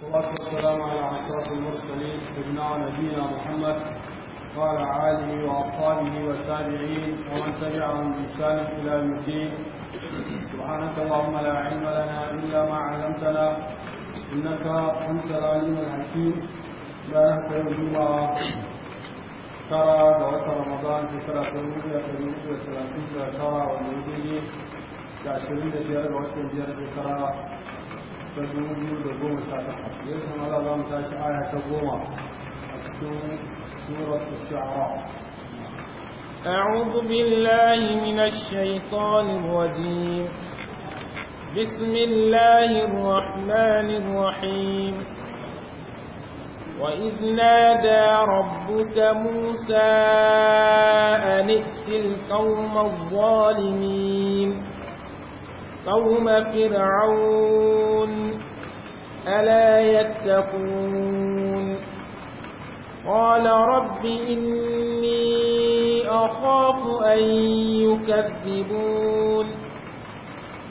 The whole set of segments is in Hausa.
والصلاة والسلام على أشرف المرسلين سيدنا ونبينا محمد وعلى آله وأصحابه والتابعين ومن تبعهم بإحسان إلى يوم الدين سبحانك اللهم لا علم لنا إلا ما علمتنا إنك أنت العليم الحكيم لا يهتم بما ترى بوقت رمضان في ثلاثة وجهة وثلاثين شهر والمدينة كعشرين دقيقة وقت الجنة ترى أعوذ بالله من الشيطان الرجيم بسم الله الرحمن الرحيم وإذ نادى ربك موسى أن ائت القوم الظالمين قوم فرعون ألا يتقون قال رب إني أخاف أن يكذبون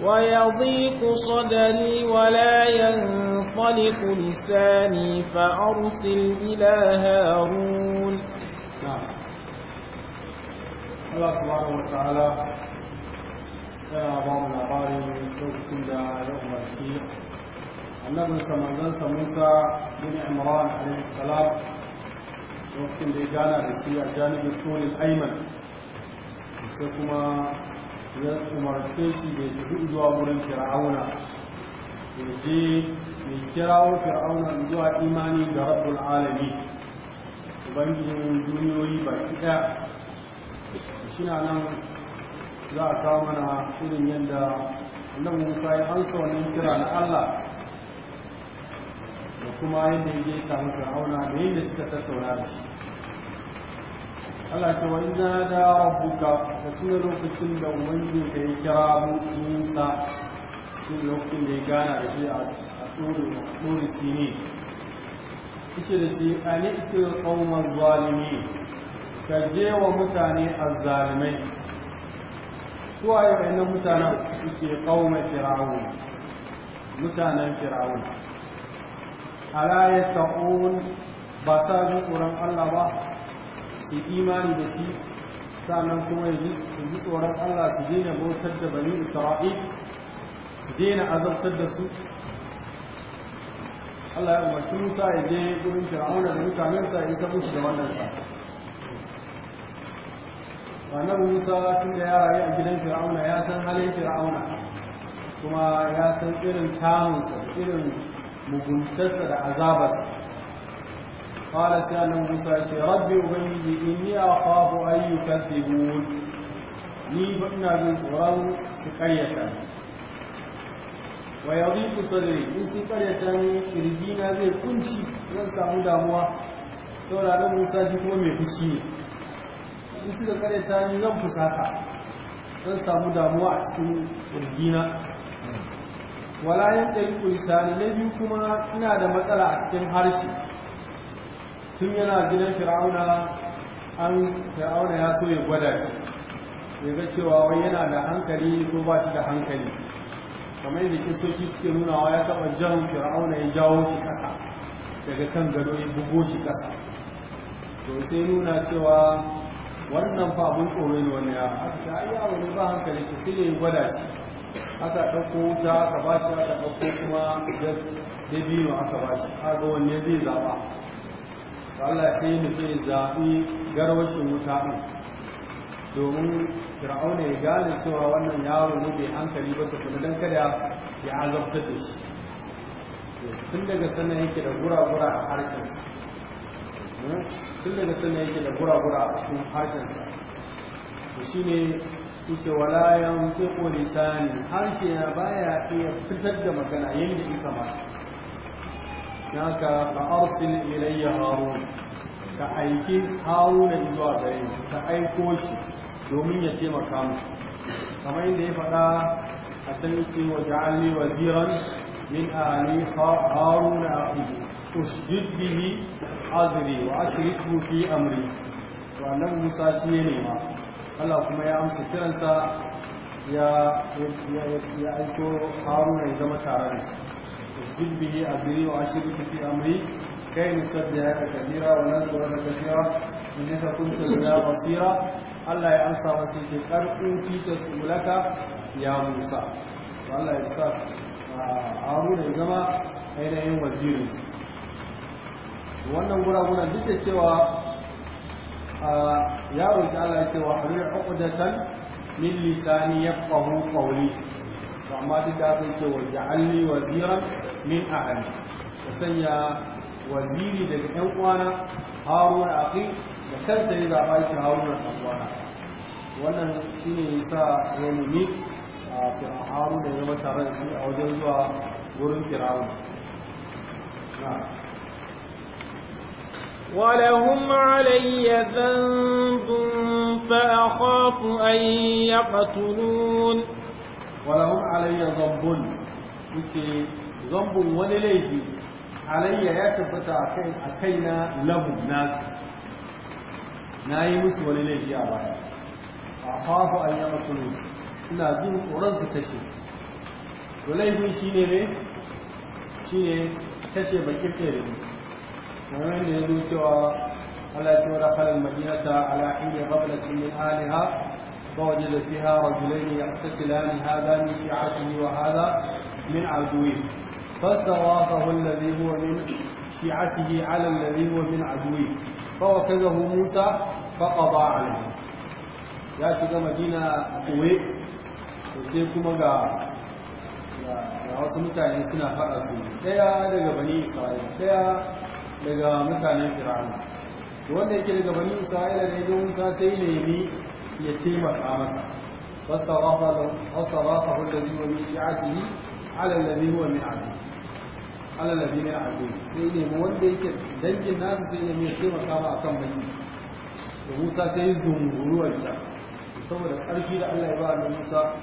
ويضيق صدري ولا ينطلق لساني فأرسل إلى هارون نعم. الله سبحانه وتعالى tana ba mu labarin lokacin da ya umarci annabinsa manzansa musa bin imran alaihi salam lokacin da ya gana da shi a janibin turin aiman sai kuma ya umarce shi da ya tafi zuwa wurin fir'auna ya je ya kirawo fir'auna zuwa imani ga rabbul alami ubangijin duniyoyi baki ɗaya shi na nan za a kawo mana irin yadda nan musa ya ansa wannan kira na allah da kuma yadda ya samu maka auna da yadda suka tattauna da shi Allah ce wani na da rabbuka da cin lokacin da wani da ya kira musa shi lokacin da ya gana da shi a tsori ne. ishe da shi a ne ita kawo zalimi ka je wa mutane a zalimai suwaye na mutanen suke kauma fir'aun mutanen fir'aun ala yattaqun ba sa ji tsoron Allah ba su imani da shi sannan kuma yi su ji tsoron Allah su daina bautar da bani isra'il su daina azabtar da su Allah ya umarci Musa ya je gurin Fir'auna da mutanensa ya isa musu da wannan sa annabi musa tun da ya rayu a gidan fir'auna ya san halin fir'auna kuma ya san irin tamunsa irin muguntarsa da azabarsa qala sai annabi musa ya ce rabbi ubangiji inni akhafu an yukaththibun ni ba ina jin tsoron su karyata wa yadhiqu sadri in su karyata ni na zai kunci zan samu damuwa saboda annabi musa shi kuma mai fushi ne da suka ta yi zan fusata zan samu damuwa a cikin ƙirgina walayen ɗari ƙulisa ne na biyu kuma ina da matsala a cikin harshe tun yana gidan fir'auna an fir'auna ya so ya gwada shi ya ga cewa wai yana da hankali ko ba shi da hankali kamar yadda kistoci suke nunawa ya taɓa jan fir'auna ya jawo shi ƙasa daga kan gado ya bugo shi ƙasa to sai nuna cewa wannan fa abun tsoro ne wani yaro aka ce ba hankali ta sai ya gwada shi aka ɗauko wuta aka ba shi aka ɗauko kuma dabino aka ba shi aka wanne zai zaɓa Allah sai nufi zaɓi garwashin wuta ɗin domin fir'auna ya gane cewa wannan yaro ne bai hankali ba su kuma dan kada ya azabtar da shi tun daga sannan yake da gura-gura a harkarsa hmm? tun da na yake da gura-gura a cikin harshensa da shi ne su ce wala ya harshe na baya iya fitar da magana yadda ya kamata na ka fa'arsil ilayya haru ka aiki na zuwa gare ka aiko shi domin ya taimaka makamu kamar yadda ya faɗa a can yace wa ja'alni waziran min ali haruna akhi ushdid bihi azri wa ashriku fi amri to annabi Musa shi ne nema Allah kuma ya amsa kiransa ya ya aiko Haruna ya zama tare da shi ushdid bihi azri wa ashriku fi amri kai nusaddiha kathira wa nazwa kathira ka kunta bina basira Allah ya amsa masa ce karfin cikin sulaka ya Musa Allah ya sa Haruna ya zama ainihin wazirinsa wannan guragunan duk da cewa ya roƙi Allah cewa harir uqdatan min lisani ya qawli to amma duk da kai cewa ja'alni waziran min ahali ka sanya waziri daga yan uwana haruna aqi da kansa ya zaɓa shi haruna a kwana wannan shine sa ya nemi a fir'aun da ya mata a wajen zuwa wurin Kirawun. ولهم علي ذنب فأخاف أن يقتلون ولهم علي ذنب yace zambun wani laifi alayya ya tabbata a kai na lahum nasu na yi musu wani laifi a baya a fafa an yi ina jin tsoron su kashe to laifin shi ne kamar da ya zo cewa Allah ya ce wa dakhala al-madinata ala hayyi qablatin min aliha فوجد فيها رجلين يقتتلان هذا من شيعته وهذا من عدوه فاستغاثه الذي هو من شيعته على الذي هو من عدوه Musa, موسى فقضى عليه يا شيخ مدينة قوي sai kuma ga wasu mutane suna faɗa su ɗaya daga bani isra'ila ɗaya daga mutanen fir'auna to wanda yake daga bani isra'ila ne don musa sai nemi ya taimaka masa hulɗar hulɗari wa min shi'atihi ala alladhi huwa min adu ala alladhi min adu sai nemi wanda yake dangin nasu sai nemi ya taimaka a kan baki da musa sai zunguruwar ta saboda ƙarfi da Allah ya ba annabi musa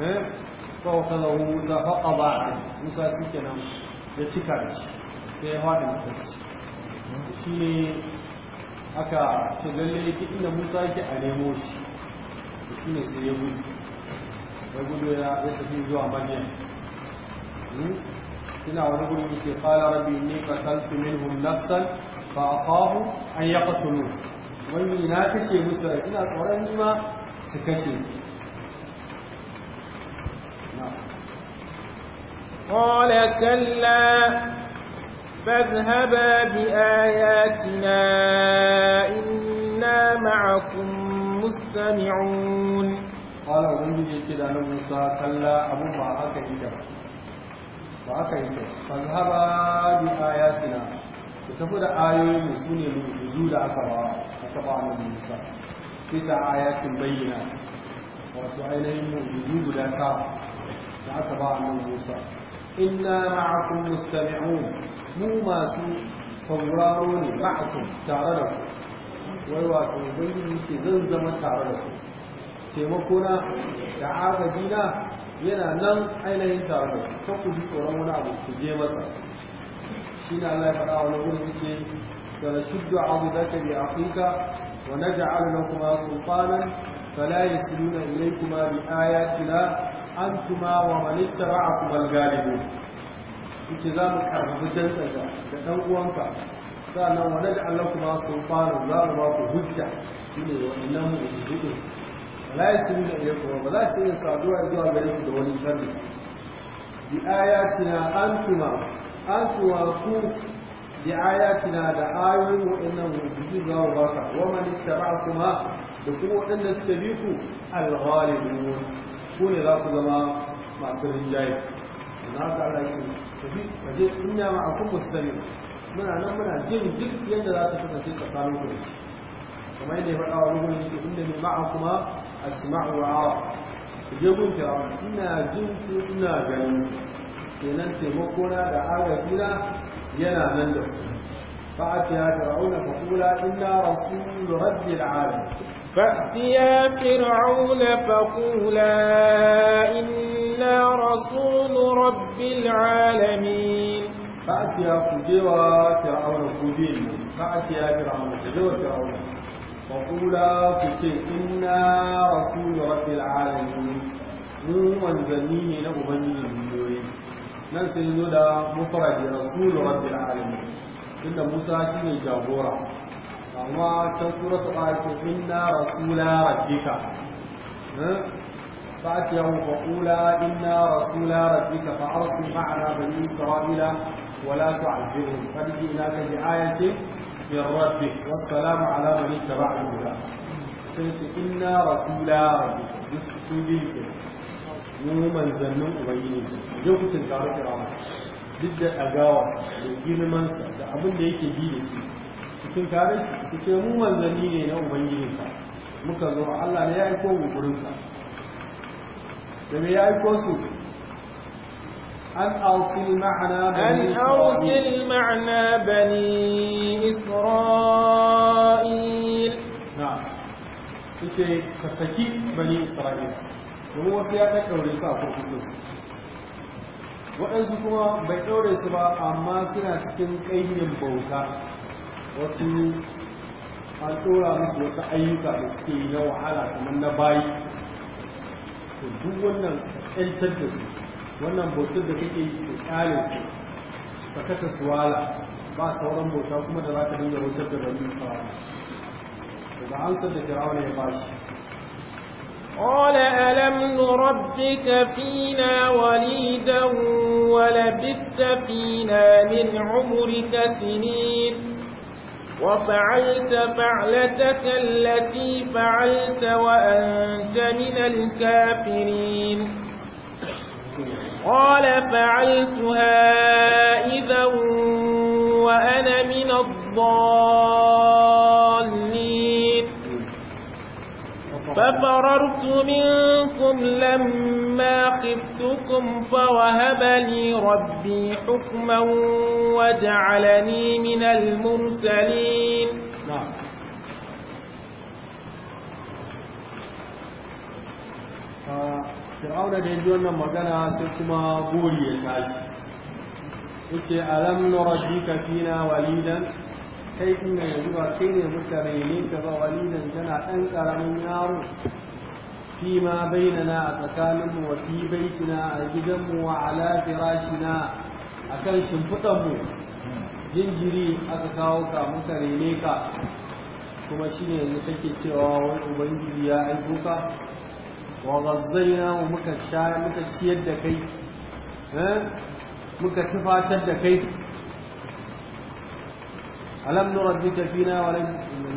eh fa kaza musa fa qada musa shikenan ya cika shi sai ya faɗa mutunci shi ne aka ce lalle yake inda musa yake a nemo shi da shi ne sai ya gudu ya gudu ya tafi zuwa madiyan suna hmm? wani gudu yake fara rabi ne ka kalfi min hulassan ba a fahu an ya katulu wani na kashe musa? ina tsoron nima su kashe قال كلا فاذهبا بآياتنا إنا معكم مستمعون قال ubangiji ce da nan Musa kalla abu ba haka yake ba haka yake fazhaba bi ku tafi da ayoyin mu sune mu'jizu da aka ba aka ba nan Musa kisa ayatin bayyana wato ainihin guda ba Musa inna ma'akum mustami'un mu masu sauraro ne ma'akum tare da ku wai wato ubangiji ce zan zama tare da ku taimako na da agaji na yana nan ainihin tare da ku ta ku tsoron wani abu ku je masa shi na Allah ya faɗa wani suke yake shidda abu da zaka bi aqiqa wa naj'alu lakuma sultanan فلا يسلون إليكما wa أنتما ومن kuma galibi. yace za mu karbi jansa da dan uwanka sannan wa da Allah kuma sun fara za mu ba ku hujja shine wannan mu hujja la yasiru da yaku ba za su yi saduwa zuwa gare ku da wani sharri bi ayatina antuma antuwa ku bi ayatina da ayoyin wa'annan hujji za mu baka wa man kuma da kuma waɗanda suka bi ku al-ghalibun ku ne za ku zama masu rinjaye na ga Allah tafi waje in a kuma akwai musulmi muna nan muna jin duk yadda za ta kasance tsakanin ku kamar yadda ya faɗa wa ruhun yake inda ne ma'a kuma asma'u wa awa ku je gun kira ina jin ku ina ganin kenan taimako na da agaji na yana nan da ku فأتيا فرعون فقولا rabbi رسول رب العالمين فأتيا فرعون فقولا إنا إلا رسول رب العالمين فأتيا كجوا فرعون كجين فأتيا فرعون كجوا فرعون وقولا كشي إنا رسول رب العالمين mu manzanni ne na ubangijin miliyoyi nan sai zo da mufaradi rasulu rabbil alamin inda musa shi ne jagora amma can suratul ayat inna rasula rabbika فأتيهم فقولا إنا رسولا ربك فأرسل معنا بني إسرائيل ولا تعذبهم قد جئناك بآية من ربك والسلام على من اتبع الهدى إنا رسولا ربك بسطبيك mu manzannin ubangiji su je ku tunkari fir'auna duk da ɗagawarsa da girmansa da abin da yake ji da su ku tunkari su ku ce manzanni ne na ubangijinka muka zo Allah na ya aiko mu gurinka da me ya yi su an ausil ma'ana bani ausil ma'ana bani isra'il na ce ka saki bani isra'il domin wasu ya ɗaɗɗaure su a kurkuku waɗansu kuma bai ɗaure su ba amma suna cikin ƙayyar bauta wasu an ɗora musu wasu ayyuka da suke yi na wahala kamar na bayi to duk wannan ƴancar da su wannan bautar da kake yi da kyale su sakata suwala ba sauran bauta kuma da za ka dinga wutar da bani isra'ila daga ansar da fir'auna ya bashi قال ألم نربك فينا وليدا ولبثت فينا من عمرك سنين وفعلت فعلتك التي فعلت وأنت من الكافرين قال فعلتها إذا وأنا من الضالين ففررت منكم لما خفتكم فوهب لي ربي حكما وجعلني من المرسلين نعم. آه، فرعون جنجونا مغانا سيكما بوري الحاج وكي ألم نرجيك فينا وليدا kai din nan yanzu ba kai ne muka rene ka ba nan tana ɗan ƙaramin yaro fi ma bainana a tsakaninmu wa fi baitina a gidanmu wa ala firashina a kan shimfiɗanmu jinjiri aka kawo ka muka rene ka kuma shi ne yanzu kake cewa wani ubangiji ya aiko ka wa gazzaina muka sha muka ciyar da kai eh, muka tufatar da kai ألم نربك فينا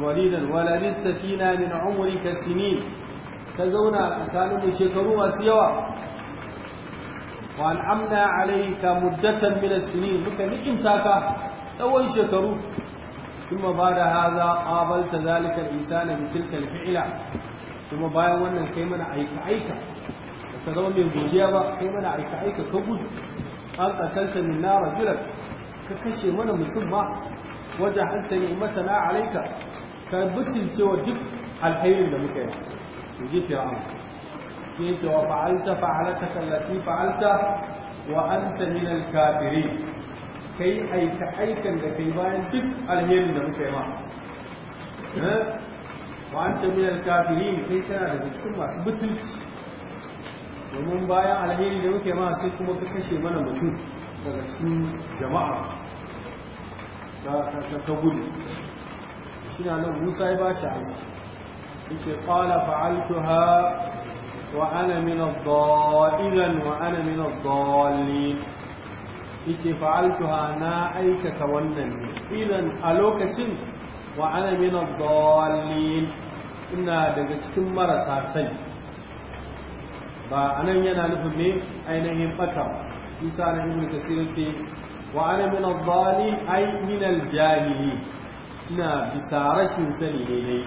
وليدا ولبست فينا من عمرك سنين كزونا كانوا شكروا وسيوا وأنعمنا عليك مدة من السنين بك نعمتك أول شكروا ثم بعد هذا قابلت ذلك الإنسان بتلك الفعلة ثم بعد وانا كيمنا أيك أيك فكذا من بجيابة كيمنا أيك أيك كبد أنت أكلت من نار رجلك ككشي وانا مسمى wajen hanta ni'matana alaika ka butulce cewa duk alkhairin da muka yi in ji fir'aun ke cewa fa'alta fa'alata kallati fa'alta wa anta min al-kafirin kai aika aikan da kai bayan duk alherin da muka yi ma eh? wa anta min al-kafirin kai kana da cikin masu butulci domin bayan alheri da muke yi ma sai kuma ka kashe mana mutum daga cikin jama'a ka gudu shi na nan musa ya ba shi hannu yake kala ha wa ana min ad wa ana min ad-dallin yake ha na aikata wannan ne idan a lokacin wa ana min ad ina daga cikin marasa sai ba anan yana nufin ne ainihin fata isa na da kasir ce wa ana min al-dhali ay min al-jahili ina bisa rashin sani ne dai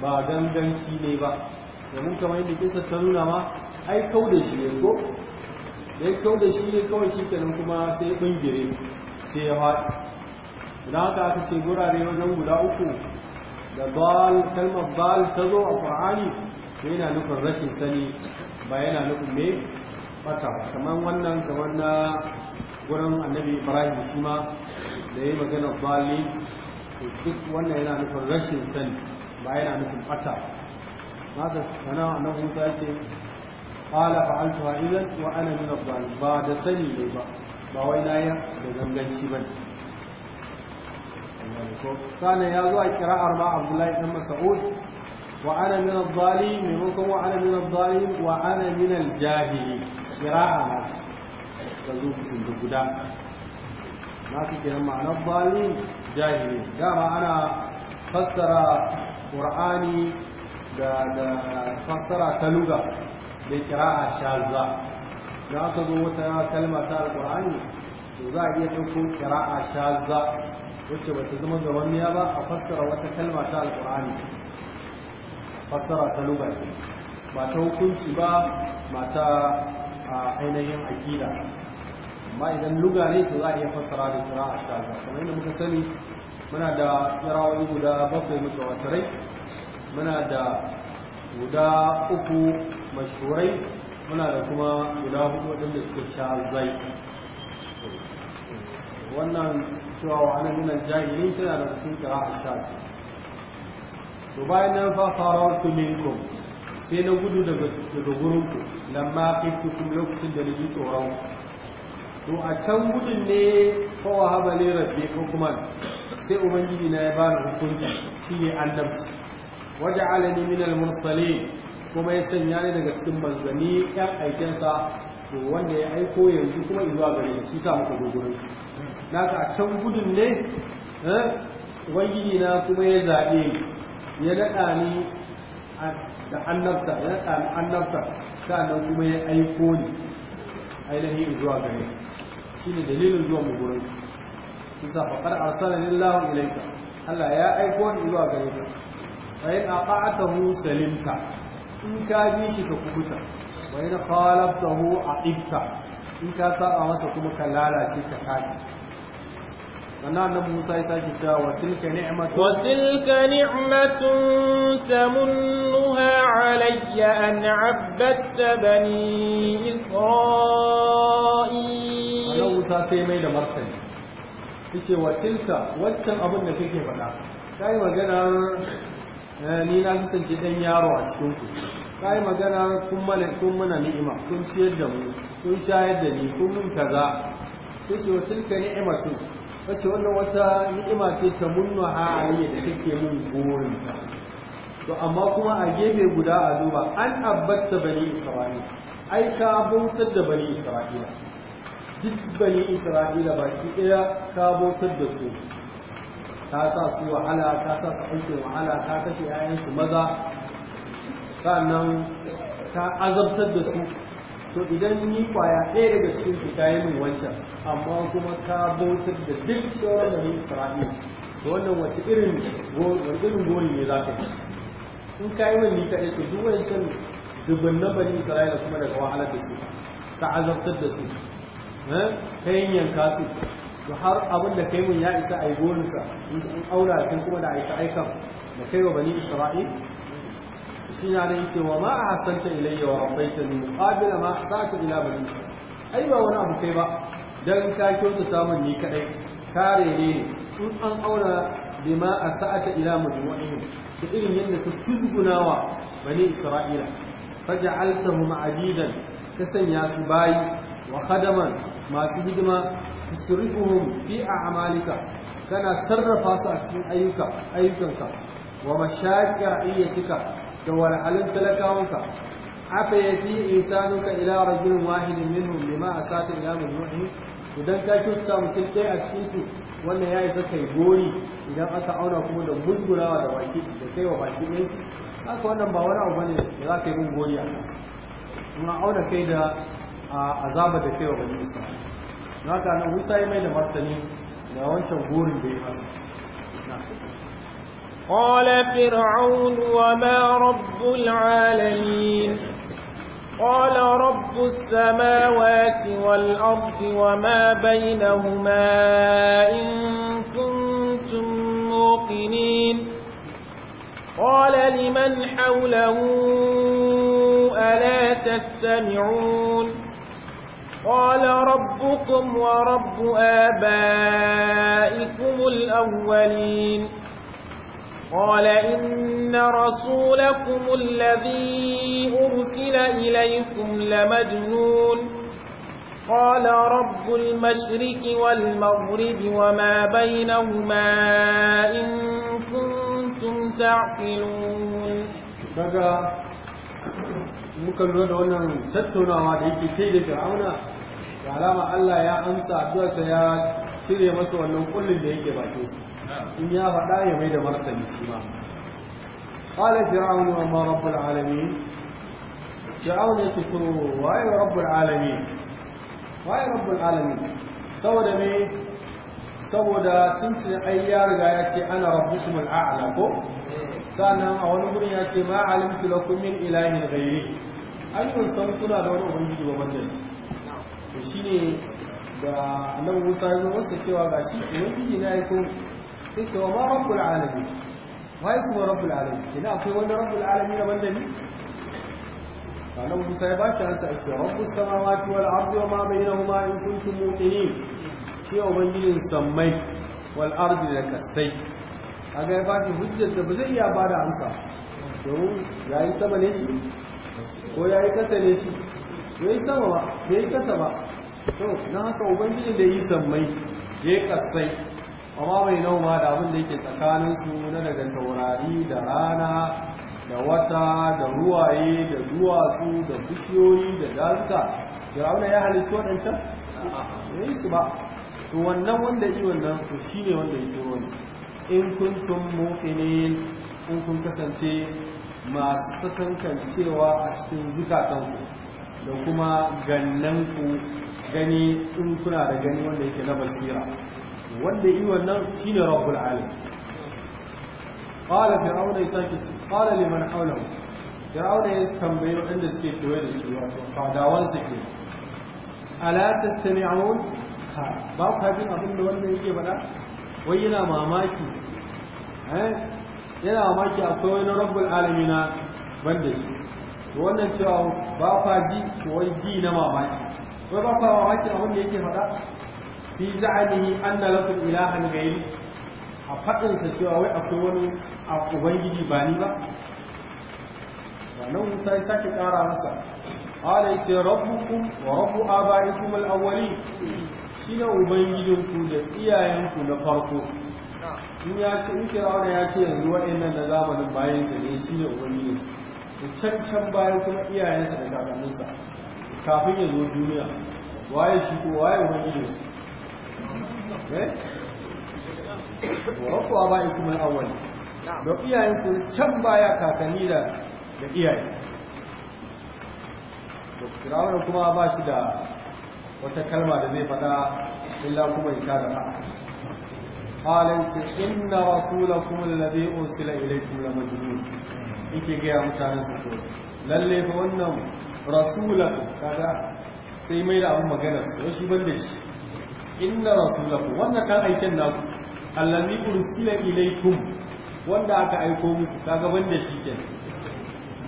ba ganganci ne ba domin kamar yadda kisa ta nuna ma ai kau da shi ne ko ya kau da shi ne kawai shi kenan kuma sai bingire sai ya faɗi idan haka aka ce gurare wajen guda uku da bal kalmar bal ta zo a qur'ani to yana nufin rashin sani ba yana nufin me fata kamar wannan kamar na wurin annabi ibrahim shi ma da ya yi magana bali duk wannan yana nufin rashin sani ba yana nufin fata haka sana annabi musa ya ce qala fa'altu idan wa ana min adh ba da sani ne ba ba wai na yi da ganganci ba ne ya zo a kira'ar ma abdullahi dan mas'ud wa ana min adh-dhalimin maimakon wa ana min adh wa ana min al-jahili kira'a ta zo kusin guda na ka kiran ma'anar bali jahili dama ana fassara ƙur'ani da fassara ta luga da kira'a shazza da aka zo wata kalma ta alƙur'ani to za a iya ɗauko kira'a shazza wacce ba ta zama gabaniya ba a fassara wata kalma ta alƙur'ani fassara ta luga ba ta hukunci ba mata a ainihin akida amma idan luga ne to za a iya fassara da kira a shaza kamar yadda muka sani muna da yarawa guda bakwai mutawatirai muna da guda uku mashhurai muna da kuma guda hudu wadanda suka sha zai wannan cewa wa ana nuna jahili tana da kusur kira a shaza to bayan nan fa farartu minkum sai na gudu daga gurinku lamma cikin lokacin da na ji tsoron to a can gudun ne kowa haɓa ne rabbi kuma sai ubangiji na ya bani hukunci shi ne annabci waja'alani minal mursali kuma ya sanya ni daga cikin manzanni yan aikensa to wanda ya aiko yanzu kuma zuwa gare ni shi sa muka zo gurin a can gudun ne eh, ubangiji na kuma ya zaɓe ya naɗa ni da annabta ya naɗa ni annabta sannan kuma ya aiko ni ainihin zuwa gare shine dalilin zuwa mu gurin isa faqad arsalallahu ilayka Allah ya aiko ni zuwa gare ka fa in aqa'atahu salimta in ka bi shi ka kukuta wa in khalaftahu aqibta in ka sa a masa kuma ka lalace ka kai sannan nan Musa ya sake cewa wa tilka ni'matu wa tilka ni'matun tamunnuha alayya an 'abadta bani isra'il musa sai mai da martani yace wa tilka waccan abin da kake faɗa kai maganar eh, ni na kusance ɗan yaro a cikin ku kai maganar kun mana kun mana ni'ima kun ciyar da mu kun shayar da ni kun mun kaza sai ce wa tilka ni'imatu wace wannan wata ni'ima ce ta munnu a ayi da kake mun burin ta to amma kuma a gefe guda a duba an abbatta bani isra'ila ai ka bautar da bani isra'ila duk bani isra'ila baki ɗaya ka bautar da su ka sa su wahala ka sa su aikin wahala ka kashe 'ya'yansu maza sannan ka azabtar da su to idan ni kwaya ɗaya daga cikin su ta yi min wancan amma kuma ka bautar da duk sauran ni isra'ila to wannan wace irin gori ne za ka yi in ka yi min ni kaɗai to duk wancan dubban na bani isra'ila kuma daga wahalar da su ka azabtar da su ta yin yanka su to har abin da kai mun ya isa a yi gorinsa in aura kin kuma da aika aikan da kai wa bani isra'il shi na nan ce wa ma a hasanta ilayya wa rabbaita ni muqabila ma ahsanta ila bani isra'il ai ba wani abu kai ba dan ka kyautata mun ni kadai kare ne in an aura bima asata ila majmu'ihim ta irin yadda ka tuzgunawa bani isra'ila faj'altahum adidan ka sanya su bayi wa masu hidima tusrifuhum fi a'malika kana sarrafa su a cikin ayyuka ayyukanka wa cika, da walhalin talakawanka afa yafi isanuka ila rajulin wahidin minhum lima asata ila majmu'in idan ka ta mutum ɗaya a cikin su wannan ya isa kai gori idan aka auna kuma da musgurawa da baki da kai wa baki ɗin su haka wannan ba wani abu bane da za ka yi mun gori a kuma auna kai da a azaba da kewa bani isa na ta nan musa ya mai da martani da wancan burin da ya masa قال فرعون وما رب العالمين قال رب السماوات والأرض وما بينهما إن كنتم موقنين قال لمن حوله ألا تستمعون قال ربكم ورب آبائكم الأولين قال إن رسولكم الذي أرسل إليكم لمجنون قال رب المشرك والمغرب وما بينهما إن كنتم تعقلون kaga muka lura da wannan tattaunawa da yake da alama Allah ya amsa addu'arsa ya cire masa wannan kullun da yake bakin sa in ya faɗa ya mai da martani shi ma qala fir'aunu wa ma rabbul alamin fir'aunu ya tsoro waye rabbul alamin waye rabbul alamin saboda me saboda tuntun ai ya riga ya ce ana rabbukum al'a'la ko sannan a wani gurin ya ce ma alimtu lakum min ilahin ghairi an san kuna da wani ubangiji ba banda to shine da annabi Musa ya masa cewa ga gashi ubangiji na yi kun sai cewa ma rabbul alamin wai kuma rabbul alamin ina akwai wani rabbul alamin daban da ni annabi Musa ya bashi ansa a cewa rabbus samawati wal ardi wa ma bainahuma in kuntum muqinin shi ubangijin sammai wal ardi da kasai kaga ya bashi hujjar da ba zai iya ba bada ansa domin yi sama ne shi ko ya yi kasa ne shi yi sama ba yi kasa ba to na haka ubangiji da yi sammai ya yi kasai amma mai nau ma da abin da yake tsakaninsu na daga saurari, da rana da wata da ruwaye da duwatsu da bishiyoyi da daruka fir'auna ya halittu waɗancan ya yi su ba to wannan wanda yi wannan to shi ne wanda ya tsoro ne in kuntum muqinin in kun kasance masu sakankan cewa a cikin zukatanku da kuma gannanku gani in kuna da gani wanda yake na basira wanda yi wannan shine rabbul alamin qala fir'auna yasaki qala liman hawlahu auna ya tambayi waɗanda suke kewaye da shi wato fadawan su ke ne tastami'un ha ba ku haɗin abin da wanda yake faɗa wai yana mamaki eh yana mamaki akwai wani rabbul alamin ban da shi to wannan cewa ba fa ji ko wai ji na mamaki wai ba fa mamaki abin da yake faɗa fi za'alihi anna lakum ilahan ghayri a sa cewa wai akwai wani a ubangiji ba ni ba wannan musa ya sake ƙara masa ala ce rabbukum wa rabbu abaikum al-awwalin shine ku da iyayen ku na farko in ya ce in kira ya ce yanzu waɗannan da zamanin bayan sa ne shine ubangijin can can bayan kuma iyayensa da kakanninsa kafin ya zo duniya waye shi ko waye wani ne su eh wa rabbwa ba yi kuma awali da iyayen ku can baya kakanni da da iyaye to firawun kuma ba shi da wata kalma da zai fada illa kuma ya tada ba halin ce inna rasulakum alladhi ursila ilaykum la majnun yake gaya mutane su ko lalle fa wannan rasulaku kaga sai mai da abin magana su don shi ban shi inna rasulaku wannan kan aiken naku allazi ursila ilaikum wanda aka aiko muku kaga ban shi ke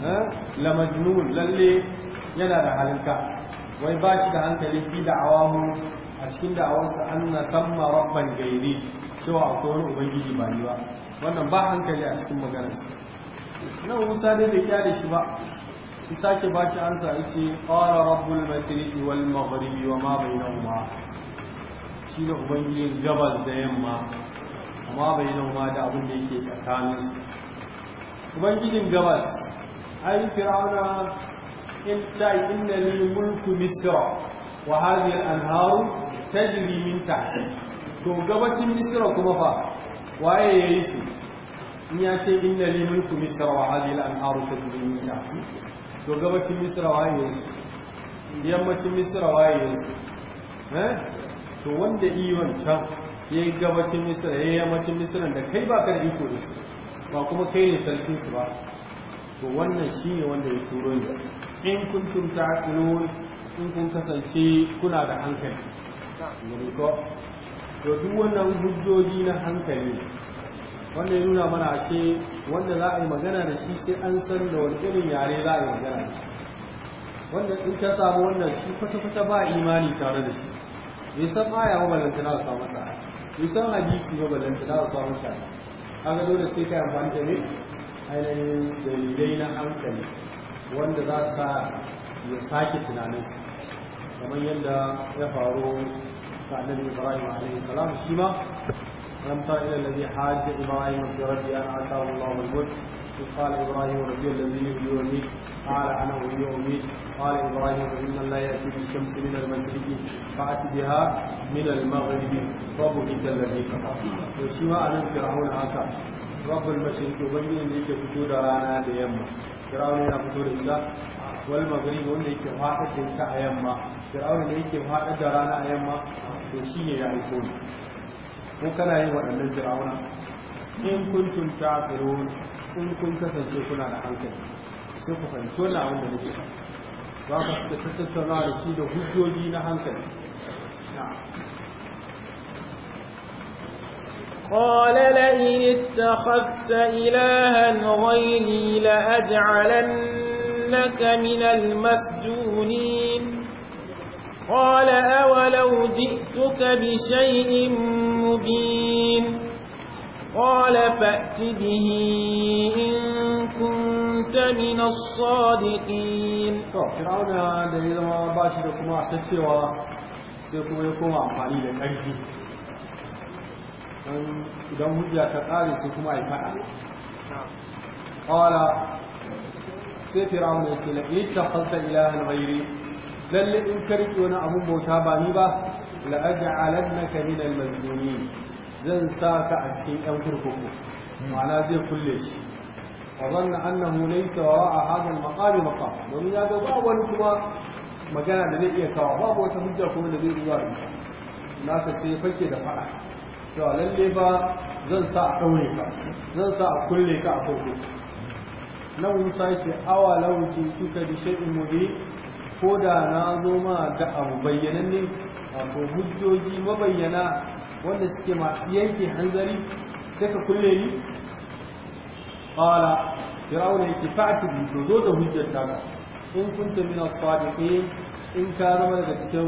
ha la majnun lalle yana da halinka wai ba shi da hankali fi da awamu a cikin da'awarsa awansa anna tamma rabban gairi cewa akwai wani ubangiji ba ni ba wannan ba hankali a cikin maganarsa nan musa dai bai kyale shi ba ki sake ba shi ansa ce qala rabbul mashriqi wal maghribi wa ma bainahuma shi ne ubangiji gabas da yamma amma bainahuma da abin da yake tsakaninsu ubangijin gabas ai fir'auna in ta inna li mulku misra wa hadhihi al anharu tajri min tahti to gabacin misra kuma fa waye yayi shi in ya ce inna ne mulku misra wa hadhihi al-anharu tajri min to gabacin misra waye yanzu yammacin misra waye yanzu eh to wanda iwan can yayi gabacin misra yayi yammacin misra da kai ba ka da iko da su ba kuma kai ne sarkin su ba to wannan shine wanda ya turo ni in kuntum ta'qilun in kun kasance kuna da hankali to duk wannan hujjoji na hankali wanda ya nuna mana ashe wanda za a yi magana da shi sai an san da wani irin yare za a yi magana da shi wanda in ka samu wanda shi kwata-kwata ba imani tare da shi bai san aya ba balanta na kawo sa bai san hadisi ba balanta na sa masa kaga dole sai ka amfani da ne ainihin dalilai na hankali wanda za sa ya sake tunaninsa kamar yadda ya faru ta annabi ibrahim alaihi salam shi ma ألم تر إلى الذي حاج إبراهيم في ربه أن آتاه الله الملك إذ قال إبراهيم ربي الذي يحيي ويميت قال أنا أحيي وأميت قال إبراهيم إن الله يأتي بالشمس من المشرق فأت بها من المغرب فبهت الذي كفر وشيما أنا فرعون هكا رب المشرق وبين ذيك فتور رانا ليما فرعون يا فتور الله والمغرب wanda yake faɗa da ita a yamma fir'auna da yake faɗa da rana a yamma to shine ya aiko ne ko kana yin waɗannan fir'auna in kun kun ta'qilun in kun kasance kuna da hankali sai ku fahimci wannan abin da nake ba ka suka tattauna da shi da hujjoji na hankali قال لئن اتخذت إلها غيري لأجعلنك من المسجونين قال أولو جئتك بشيء مبين قال فأت به إن كنت من الصادقين فرعون الذي ما باشركم احتسوا سيكون لكم أمحالي للأجل أن إذا مجد تقال سيكون أي فعل قال سيفرعون يتلقى إتخذت إلها غيري lalle in ka riƙe wani abun bauta ba ni ba la aj'alannaka min al-mazlumin zan sa ka a cikin ƴan kurkuku ma'ana zai kulle shi wa zanna annahu laysa wa a hadha al-maqam maqam domin ya ga ba wani kuma magana da zai iya kawo babu wata hujja kuma da zai zuwa da naka sai fake da fada cewa lalle ba zan sa a ɗaure ka zan sa a kulle ka a kurkuku nan musa ce awa lawuki kika da shay'in mubin ko da na zo ma da abu ne, wato hujjoji mabayyana wanda suke masu yanke hanzari sai ka kulle ni qala fir'auna yake fa'ati bi to zo da hujjar ta in kunta min as-sadiqin in ka zama daga cikin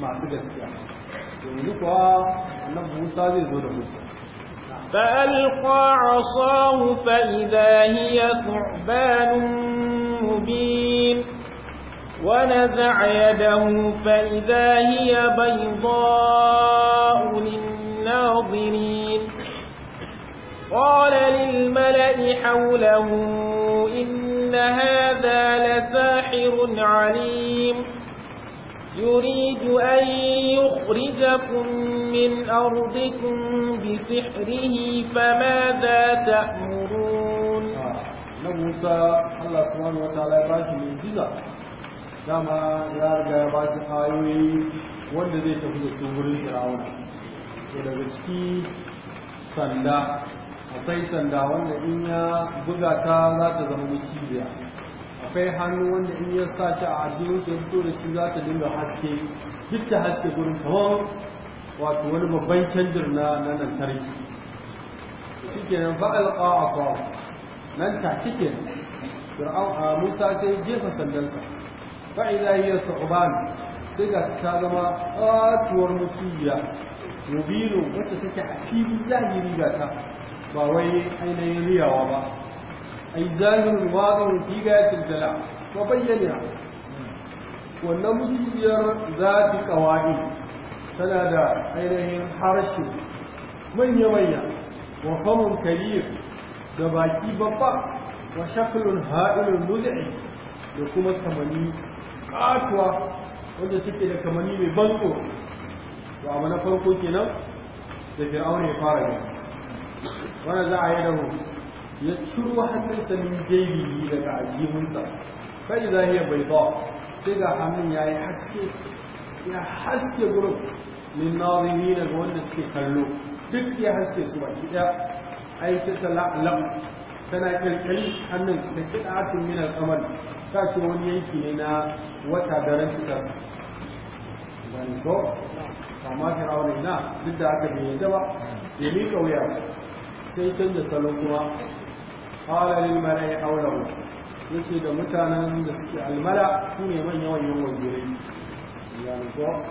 masu gaskiya yanzu kuwa annabi Musa zai zo da hujja فألقى عصاه فإذا هي ثعبان مبين ونزع يده فإذا هي بيضاء للناظرين قال للملأ حوله إن هذا لساحر عليم يريد أن يخرجكم من أرضكم بسحره فماذا تأمرون نعم موسى الله سبحانه وتعالى قال من جزء dama ya riga ya ba shi ayoyi wanda zai tafi da su wurin firawuna to daga ciki sanda akwai sanda wanda in ya buga ta za ta zama mucibiya akwai hannu wanda in ya sa shi a su ya fito da shi za ta dinga haske duk ta haske gurin kamar wato wani babban kendir na na lantarki shi nan fa'al ƙa'a nan ta kike fir'aun a musa sai jefa sandansa fa’ila yi yasa obani sai ga ta zama atuwar mutuwa mobilo wacce take a fili zahiri ga ta ba wai ainihin riyawa ba a yi zahirin wadon giga ya tattala ba bayyana wannan mutuwar za ta tana da ainihin harshe manya-manya wa famun kariyar da baki babba wa shakulun haɗin da kuma kamani katuwa wanda suke da kamanni mai banko to abu na farko kenan da fir'auna ya fara gani wanda za a yi dahu ya ciro hannunsa min jaibihi daga aljihunsa kai za ya bai ba sai ga hannun ya yi haske ya haske gurin min nazimi daga wanda suke kallo duk ya haske su baki ɗaya aikata ta tana kirkiri hannun da kiɗa min al'amari ka ce wani yanki ne na wata garin cikas ban ko amma firawun na duk da aka ne yadda ba ya miƙa sai canza salon kuma qala lil mala'i ya ce da mutanen da suke almara su ne manyan yin wazirai yani ko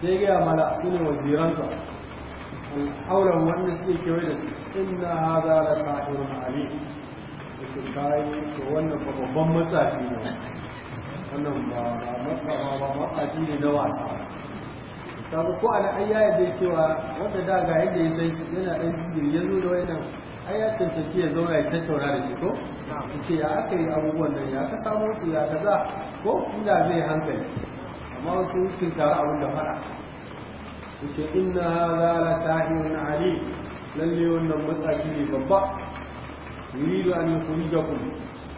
sai gaya mala su ne waziran ka hawlahu wanda suke kewaye da su ha za la sahirun alim yake kayi to wannan babban matsafi ne wannan ba matsafi ne na wasa kaga ko ana ai ya yarda cewa wanda da ga yadda ya sai su yana ɗan jirgin ya zo da wannan ai ya cancanci ya zauna ya tattauna da shi ko ce ya aka yi abubuwan nan ya ka samo su ya kaza ko inda zai hankali amma wasu tunkara abin da fara su ce inna hadha la sahirun ali lalle wannan matsafi ne babba يريد أن يخرجكم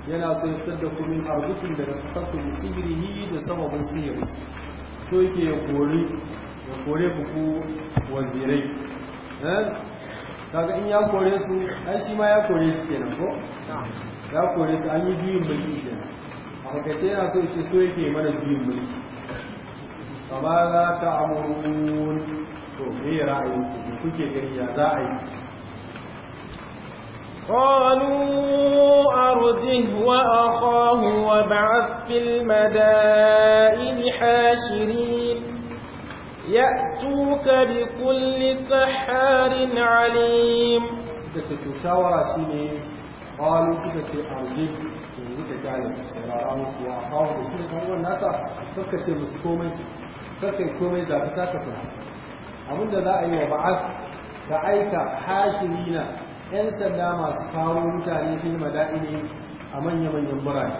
يلا so ya fitar da ku min ardukum daga kasarku bi يقولي da sababin sihiri so ya kore ya kore wazirai kaga in ya kore su an shi ma ya kore su kenan ko ya kore su an yi juyin mulki kenan a makace yana so ce so yake mana juyin mulki kama za ta amurun to me ra'ayin ku kuke gani ya za a yi قالوا أرجه وأخاه وابعث في المدائن حاشرين يأتوك بكل سحار عليم تتشاور سيدي قالوا سيدي أرجه سيدي تجعل سيدي وأخاه سيدي قالوا الناس فكر سيدي مسكومي فكر كومي ذا بساكتنا أمون ذا حاشرين 'yan sanda masu kawo mutane fi madaɗi ne a manya-manyan birane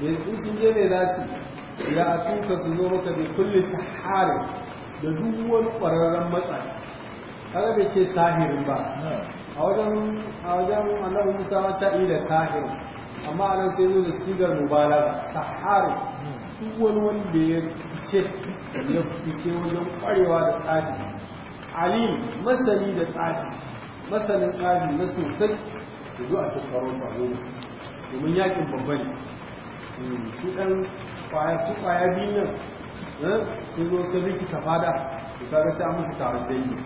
in sun je ne za su ya tuka su zo maka da kulle sahari da duk wani ƙwararren matsayi kada bai ce sahirin ba a wajen a wajen annabi Musa wata da sahir amma anan sai zo da sigar mubalaga sahari duk wani wani da ya fice ya fice wajen ƙwarewa da tsari alim masani da tsari masanin tsari na sosai da zuwa ta tsaron tsaro domin yakin babban hmm, su ɗan kwaya su kwaya biyu nan eh, sun zo sun rikita fada da ta sai musu tarin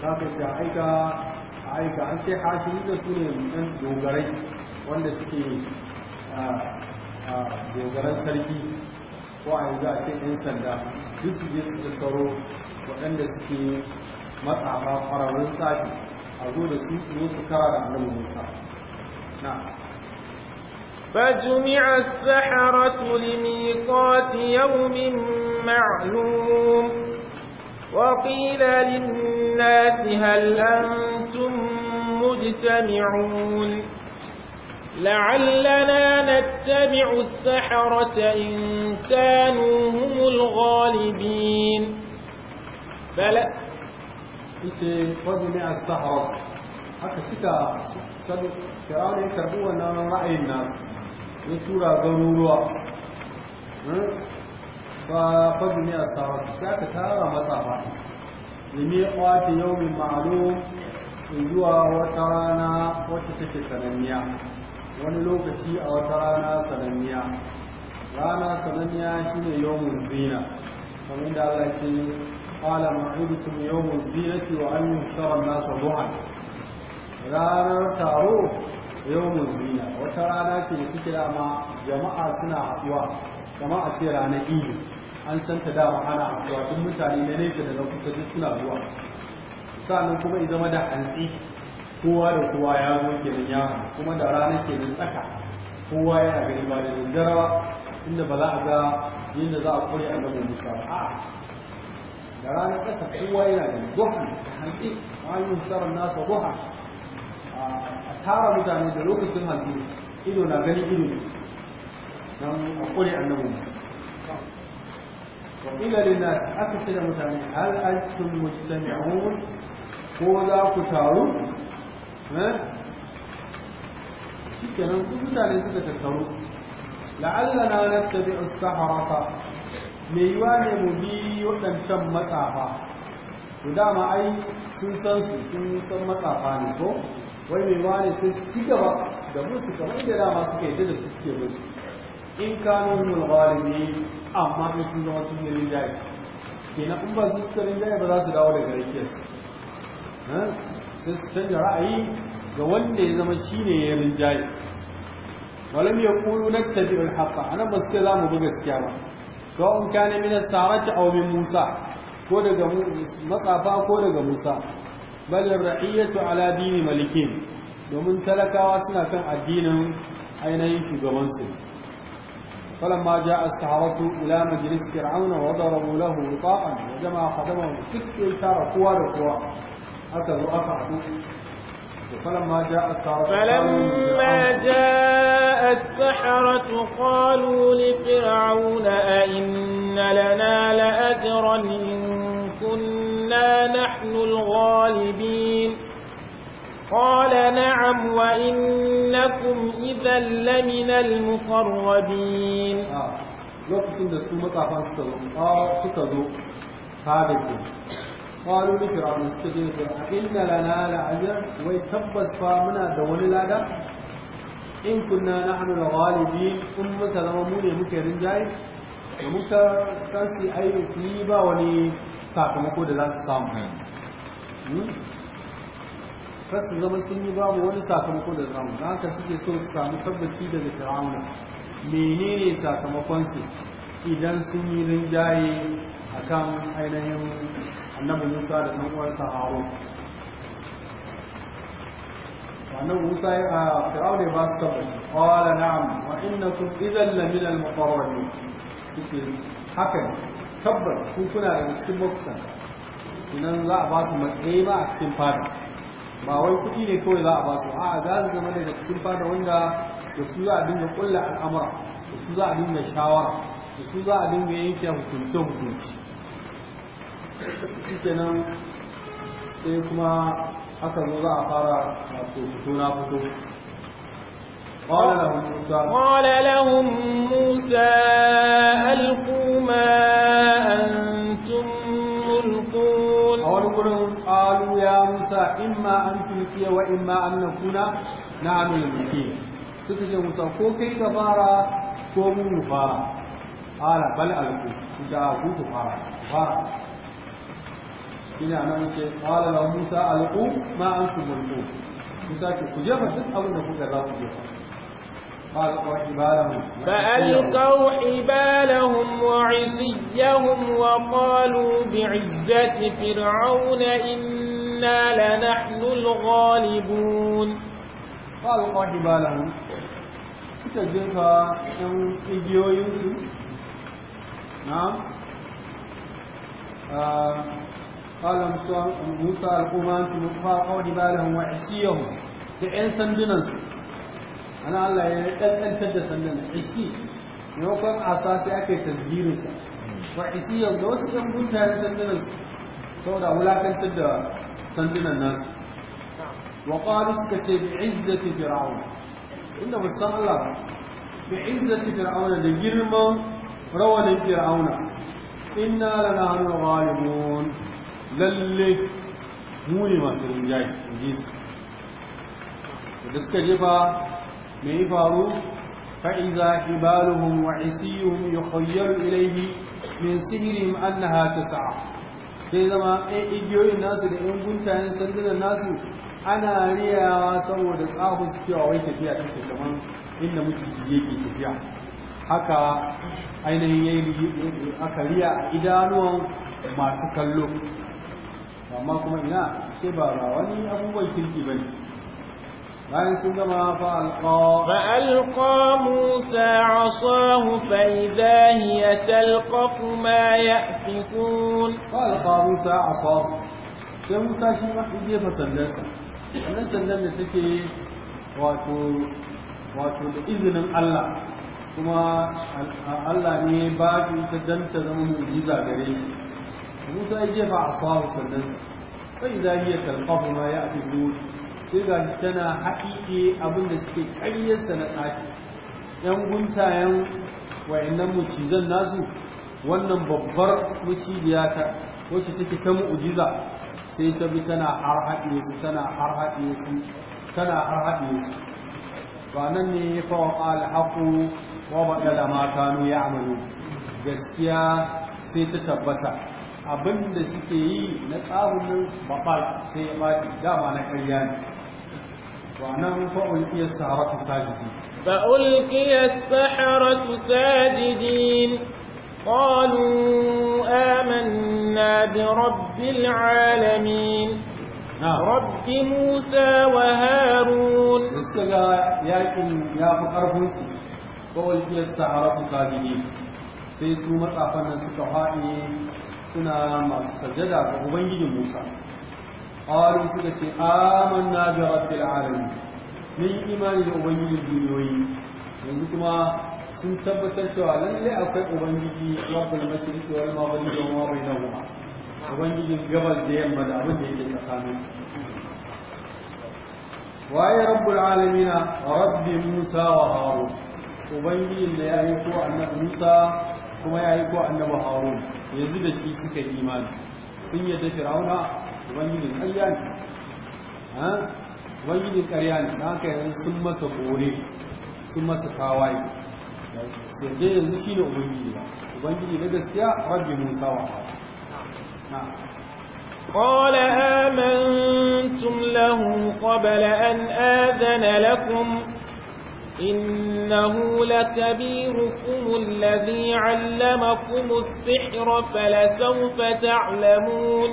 taron yi za ka ce aika a aika an ce hashimi da su ne ɗan dogarai wanda suke dogaran sarki ko a yanzu a ce ɗan sanda duk su je su tattaro waɗanda suke matsafa fararen tsafi أقول zo da su su kara فجمع السحرة لميقات يوم معلوم وقيل للناس هل أنتم مجتمعون لعلنا نتبع السحرة إن كانوا هم الغالبين فلا yace ne a sahara aka cika sabu fir'auna ya karbi wannan ra'ayin nasu ya tura garuruwa hmm? fa fajmi as-sahra sai aka tara masafa limi qati yawmin ma'lum zuwa wata rana wacce take sananniya wani lokaci a wata rana sananniya rana sananniya shi yau yawmin zina kamar da Allah ke قال موعدكم يوم الزينة وأن يحشر الناس ضحى ranar taro yawon zina wata rana ce da take dama jama'a suna haɗuwa kama a ce ranar idi an san ta dama ana haɗuwa duk mutane na nesa da na kusa duk suna zuwa Sannan kuma ya zama da hantsi kowa da kowa ya zo kenan ya kuma da ranar kenan tsaka kowa yana gani ba da daddarawa inda ba za a ga yadda za a kure a gaban musa كذلك تقوى إلى ضحى تحمدي وأن يهسر الناس ضحى أتارى آه، مداني دلوك تنها دي إلو لا غني إلو نعم أنه وقيل للناس أكسر متاني هل أنتم مجتمعون ولا كتارون ها شكرا متاني سكة الكروب لعلنا نتبع السحرة mai yiwa ne mu bi waɗancan matsafa to dama ai sun san su sun san matsafa ne ko wai mai yiwa ne sai su ci gaba da musu kamar da dama suka yi da su ce musu in kano mun ne amma in sun zama sun yi rinjaye kenan in ba su suka rinjaye ba za su dawo daga rakiyarsu sai su canja ra'ayi ga wanda ya zama shi ne ya rinjaye walam yaqulu nattabi'ul haqqa anan ba su ce za mu bi gaskiya ba sawun kana min as-sarati aw min Musa ko daga matsafa ko daga Musa balin ra'iyyatu raiyatu ala dini malikin domin talakawa suna kan addinin ainihin shugabansu فلما جاء السحرة إلى مجلس فرعون وضربوا له وطاء وجمع قدمه ست إشارة قوة لقوة أكلوا أفعتوا فلما جاء السحرة فلما جاء السحرة قالوا لفرعون أئن لنا لأجرا إن كنا نحن الغالبين قال نعم وإنكم إذا لمن المقربين آه. lokacin da su matsafan suka zo suka zo قالوا li fir'auna suka je ga inna lana la'ajran wai tabbas fa muna da wani lada in kunna nahnu al-ghalibin in muka zama mu ne muke rinjaye da muka kasi su yi ba wani sakamako da za su samu kar su zama sun yi babu wani sakamako da zamu don haka suke so su samu tabbaci menene sakamakonsu idan sun yi rinjaye akan ainihin annabi Musa da ɗan uwarsa Harun Wannan Musa ya a Fir'aun ya ba su tabbaci qala na'am wa innakum idhan la min al muqarrabin kike haka tabbas ku kuna da cikin makusan idan za a ba su matsayi ba a cikin fada ba wai kuɗi ne kawai za a ba su a'a za su zama daga cikin fada wanda da su za a dinga ƙulla al'amura da su za a dinga shawara da su za a dinga yanke hukunce hukunci shikenan sai kuma aka zo za a fara wato fito na fito قال لهم موسى ألقوا ما أنتم ملقون قالوا قالوا يا موسى إما أن تلقي وإما أن نكون نعم الملقين سكت موسى ko kai ka fara ko mu fara قال بل ألقوا إذا أقول fara fara إلى أمامك قال له موسى ألقوا ما أنتم ملقون موسى كيف كي تجابت قال حبالهم فألقوا حبالهم وعصيهم وقالوا بعزة فرعون إنا لنحن الغالبون قال حبالهم ستة أن إجيو يوسف نعم آه قال موسى القومان في مطفى قول وعشيهم da 'yan sandunansu ana Allah ya ɗanɗantar da sandan isi maimakon asa sai aka yi tasgirinsa wa isi yau da wasu ɗan guntayen sandunansu saboda wulakantar da sandunan nasu wa ƙwari suka ce bi izzati fir'auna inda ba san Allah da girman rawanin fir'auna inna lana hannu lalle mu ne masu rinjaye in ji da suka jefa mai faru fa'iza ibaluhun wa isiyuhum yukhayyaru ilayhi min sihrihim annaha sa'a. sai zama ɗan igiyoyin nasu da yan guntayen sandunan nasu ana riyawa saboda tsafi su cewa wai tafiya ke kamar inda miciji yake tafiya haka ainihin yayi aka riya a idanuwan masu kallo amma kuma ina sai ba ba wani abubuwan kirki bane bayan sun gama fa alqa fa alqa musa asahu fa idha hiya talqafu ma ya'fikun fa alqa musa asahu sai musa shi ma ya jefa sandarsa wannan sandar da take wato wato da izinin Allah kuma Allah ne ba shi ta danta zama mu'jiza gare shi musa ya jefa a sawu sandansa sai za iya talqafu ma ya fi sai ga tana haƙiƙe abin da suke ƙaryarsa na tsaki yan guntayen wa'annan mucizan nasu wannan babbar mucijiya ta wacce take ta mu'ujiza sai ta bi tana haɗe su tana haɗe su tana haɗe su ba nan ne fa alhaqu wa ma kanu gaskiya sai ta tabbata abin da suke yi na tsarin bafal sai ya ɓaci dama na karya ne wa nan fa'ul iya saharatu sajidi فألقي السحرة ساجدين قالوا آمنا برب العالمين رب موسى وهارون استغى ياكن يا فقرهم فألقي السحرة ساجدين sai su matsafan nan suka faɗi suna masu sajada ga ubangijin Musa qalu suka ce amanna bi rabbil alamin mun imani da ubangijin duniyoyi yanzu kuma sun tabbatar cewa lalle akwai ubangiji rabbul mashriqi wal maghribi wa ma bainahuma ubangijin gabas da yamma da abin da yake tsakanin su waye rabbul alamin rabbi musa wa harun ubangijin da ya yi ko annabi musa kuma ya yi ko annaba harun yanzu da shi suka yi imani sun yadda firauna ubangijin ƙarya ne ubangijin ƙarya ne da haka yanzu sun masa bore sun masa tawaye yadda yanzu shi ne ubangiji ba ubangiji na gaskiya rabbi musa wa na قال آمنتم له قبل أن آذن لكم إنه لكبيركم الذي علمكم السحر فلسوف تعلمون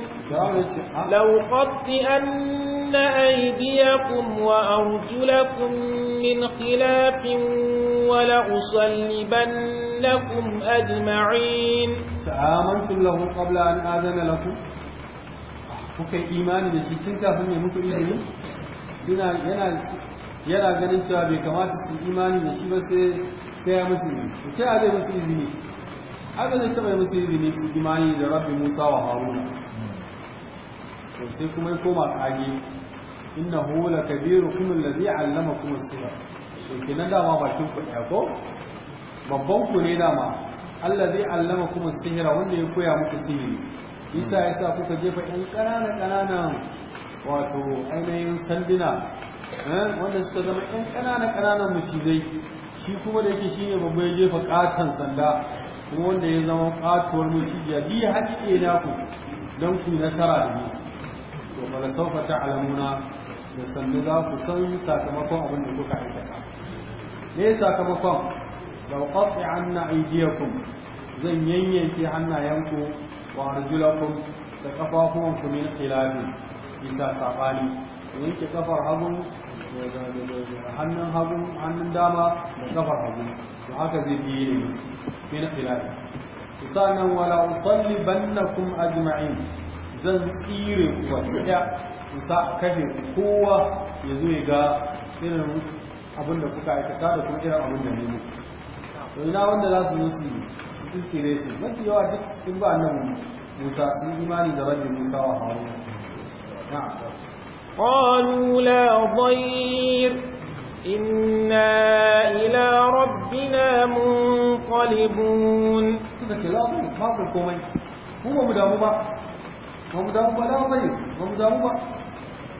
لو قد أن أيديكم وأرجلكم من خلاف ولأصلبنكم أجمعين سَآمَنْتُ له قبل أن آذن لكم kuka إِيمَانُ da shi tun kafin ya muku izini yana ganin cewa bai kamata su imani da shi ba sai ya musu izini to ce a zai musu izini haka zai taɓa musu izini su imani da rabbi musa wa haruna to sai kuma ya koma kage inna hu la kabiru kuma alladhi allama kum Ba sirra to kenan dama bakin ku ɗaya ko babban ku ne dama Allah zai allama kuma as wanda ya koya muku sihiri isa ya sa kuka jefa ɗan ƙanana ƙananan wato ainihin sanduna Eh, wanda suka zama yan ƙananan ƙananan macizai shi kuma da yake shine babba ya jefa ƙaton sanda kuma wanda ya zama ƙatuwar maciziya biya haƙiƙe na ku don ku nasara da ni to fa sawfa alamuna da sannu za ku san sakamakon abin da kuka aikata me sakamakon law qati'anna aydiyakum zan yanyanke hannayenku wa arjulakum da kafafuwanku min khilafin bisa sabani ya kafar hagu hannun hagu hannun dama da kafar hagu to haka zai fi ne ne fi na filaye sannan wala usalli bannakum ajma'in zan tsire ku baki da in sa kafe kowa ya zo ya ga irin abin da kuka aikata da kuma irin abin da ne to ina wanda za su zo su tsire su mafi yawa duk sun ba nan musa sun imani da rage musa wa haru na'am قالوا لا ضير إنا إلى ربنا منقلبون suka ce la zai babu komai ku ba mu damu ba ba mu damu ba la zai ba mu damu ba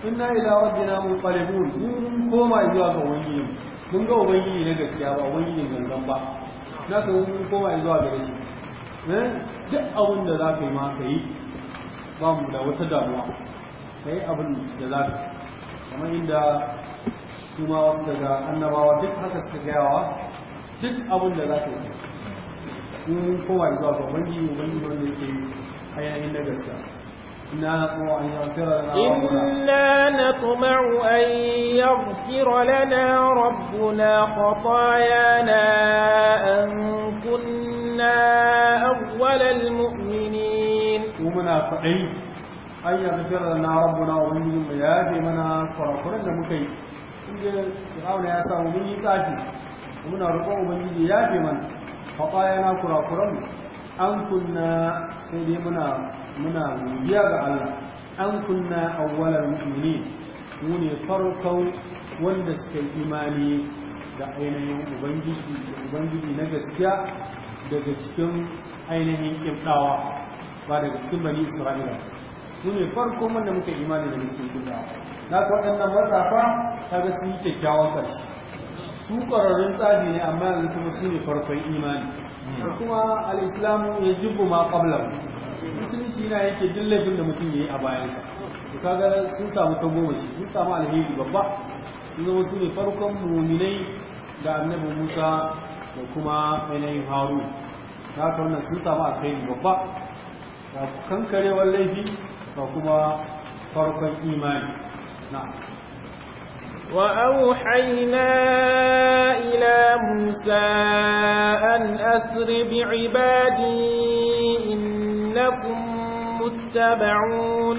inna ila rabbina munqalibun mun koma zuwa ga ubangiji ga ubangiji na gaskiya ba ubangiji zanzan ba na ka mun koma zuwa ga shi eh duk abin da za ka yi ma ka yi ba mu da wata damuwa kai abin da za ka kamar inda su ma wasu daga annabawa duk haka suka gayawa duk abin da za ka yi in kowa zuwa ga wani wani wanda yake hayayin na gaskiya إنا نطمع أن يغفر لنا ربنا خطايانا أن كنا أول المؤمنين ومنا فقيم an yanzu na rabbuna wa mun mu mana kurakuran da muka yi inda fir'auna ya samu mun yi tsafi muna roƙon ubangiji ya yafe mana faɗa yana kurakuran an kunna sai dai muna muna godiya ga Allah an kunna awwalar mu'mini mu ne farkon wanda suka yi imani da ainihin ubangiji ubangiji na gaskiya daga cikin ainihin kibdawa ba daga cikin bani isra'ila su ne farko wanda muka imani da cikin kusa na ka waɗannan ta ga sun yi kyakkyawan ƙarshe su ƙwararrun tsari ne amma yanzu kuma su ne farkon imani Da hmm. kuma al'islamu ya jibu ma ƙwablan musulunci yana yake duk laifin da mutum ya yi a bayansa to kaga sun samu shi. sun samu alheri babba sun zama ne farkon muminai da annabi musa da kuma yanayin haru ta sun samu kai babba kankarewar laifi da فرق الإيمان نعم وأوحينا إلى موسى أن أسر بعبادي إنكم متبعون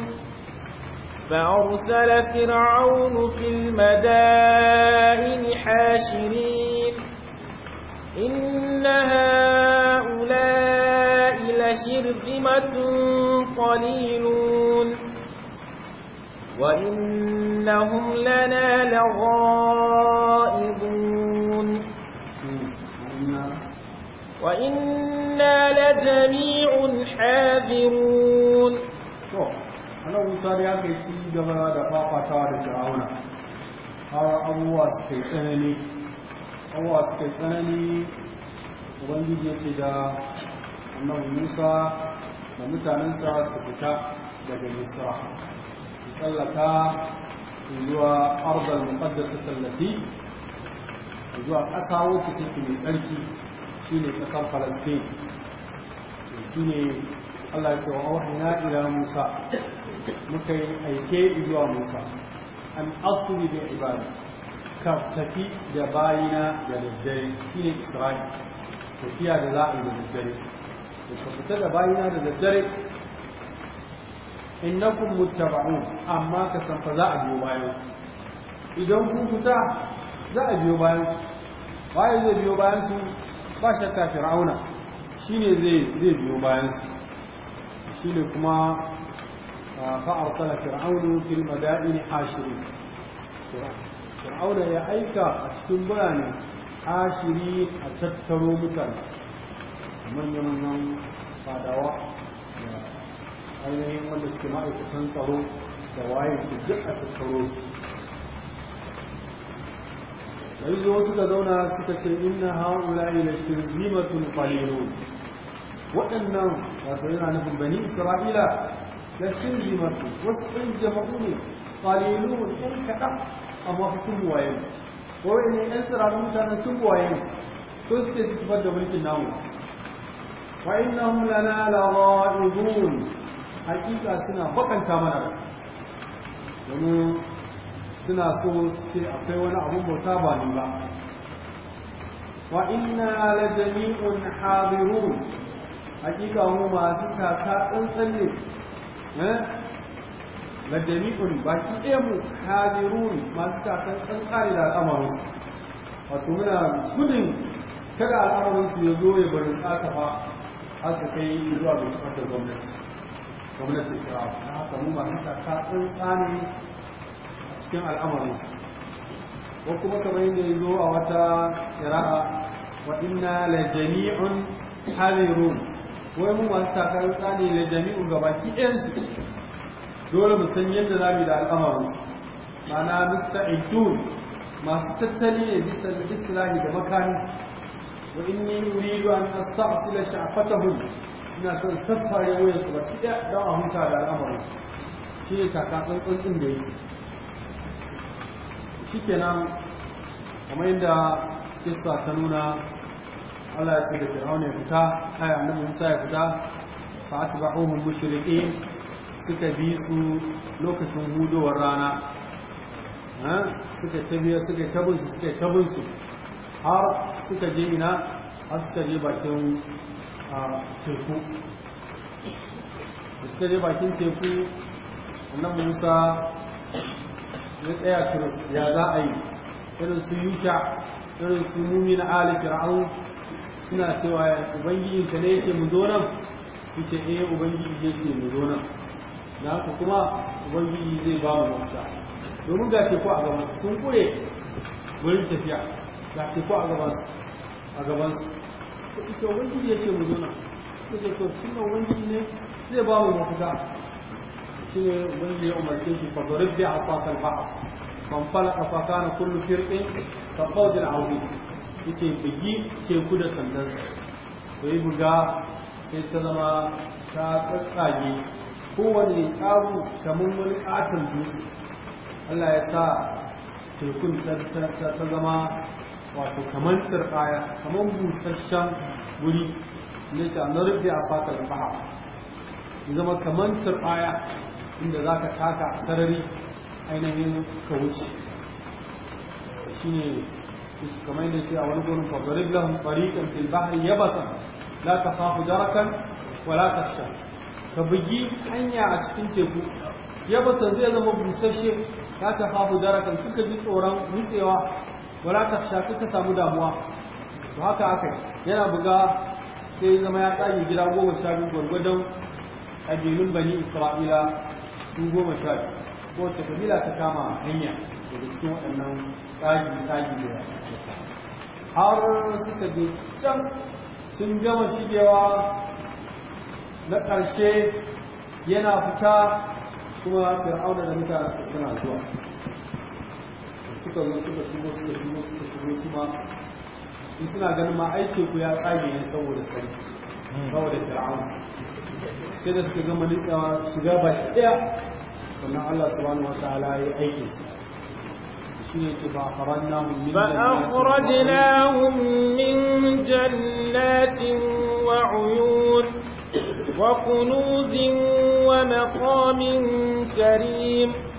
فأرسل فرعون في المدائن حاشرين إن هؤلاء لشرذمة قليلون وإنهم لنا لغائبون وإنا لجميع حاذرون Annabi Musa ya kai ci gaba da fafatawa da Fir'auna har abubuwa suka yi tsanani abubuwa suka yi tsanani Ubangiji ya ce da Annabi Musa da mutanensa su fita daga Misra su tsallaka zuwa ardal muqaddasat allati zuwa ƙasa wacce take mai tsarki shine ƙasar Palestine shine Allah ya ce wa auhina Musa muka yi aike zuwa Musa an asri da ibada ka tafi da bayina da daddare shine Isra'il tafiya da daddare ka fita da bayina da daddare innakum muttaba'un amma ka san fa za a biyo bayan idan ku fita za a biyo bayan waye zai biyo bayan su ba shakka fir'auna shine zai zai biyo bayan su shine kuma fa arsala fir'aunu fil madaini hashirin fir'auna ya aika a cikin birane hashiri a tattaro mutane manyan nan fadawa ainihin wanda suke ma'aikatan tsaro da waye su duk a tattaro su yanzu wasu da zauna suka ce inna haula ila shirzimatun qalilun waɗannan wasu yana nufin bani isra'ila da shirzimatun wasu ɗan jama'u ne qalilun ɗan kaɗan amma sun waye Ko ne ɗan tsirarun mutanen sun waye to suke sifar da mulkin namu wa innahum lana la'ibun hakika suna bakanta mana ba domin suna so ce akwai wani abun bauta ba ni ba wa inna la jami'un hadirun hakika mu masu taka tsantsan ne eh? la jami'un baki ɗaya mu hadirun masu taka tsantsan da al'amarin wato muna gudun kada al'amarin su ya zo ya bari kasafa har su kai zuwa ga da gwamnati gwamnati ta haka mu masu taka tsantsani a cikin al'amarinsu ko kuma kamar yadda ya zo a wata kira'a wa inna la jami'un hadirun wai mu masu taka tsantsani la jami'un gabaki ɗayansu dole mu san yadda za mu yi da al'amarinsu ma'ana musta'idun masu tattali ne bisa islahi da makami wa inni uridu an astaghfira sha'fatahum suna son sassare wayan su baki ɗaya don a huta da al'amarin su shi ne taka tsantsan ɗin da yake shi kenan kamar yadda kissa ta nuna Allah ya ce da Fir'aun ya fita kaya annabi Musa ya fita fa atba'uhum mushriqin suka bi su lokacin hudowar rana suka tabiya suka tabin su suka tabin su har suka je ina har suka je bakin a teku da suke je bakin teku nan musa ya tsaya kiris ya za a yi irin su yusha irin su mumi na ali fir'aun suna cewa ubangijin ka ne yake mu zo nan yace eh ubangiji ce mu zo nan da haka kuma ubangiji zai ba mu mafita domin ga teku a gaban sun kure wurin tafiya ga teku a gabansu a gaban su ita ubangiji ya ce mu zo nan suka to tunda ubangiji ne zai ba mu mafita shi ne ubangiji ya umarce shi fa dorib bi asaka al-bahr fan falaka fa kana kullu firqin ka qawd al-azim yace bigi teku da sa. to yi buga sai ta zama ta tsatsage kowane tsaru kamar wani katon dutse Allah ya sa tekun ta zama wato kamar tsirkaya kamar busasshen wuri, ne ce na rufe a fatar baha zama kamar tsirkaya inda za ka taka a sarari ainihin ka wuce shi ne kamar yadda ce a wani gurin fabarik lahun fariƙan fil bahari ya basa la ka fafu darakan wala ta sha ka bugi hanya a cikin teku ya basa zai zama busasshe la ta fafu darakan kuka ji tsoron nutsewa wala ta sha ka samu damuwa to haka aka yana buga sai zama ya tsage gida goma sha biyu gwargwadon ƙabilun bani isra'ila su goma sha biyu kowace kabila ta kama hanya daga cikin waɗannan tsagi tsagi da har suka je can sun gama shigewa na ƙarshe yana fita kuma fir'auna da mutane suna zuwa suka zo da shigo suka shigo suka shigo su ma in suna ganin ma ai teku ya tsage ne saboda sarki hmm. saboda fir'aun sai da suka gama nitsawa shiga ba daya sannan Allah subhanahu wataala ya aike su فأخرجناهم من جنات وعيون وكنوز ومقام كريم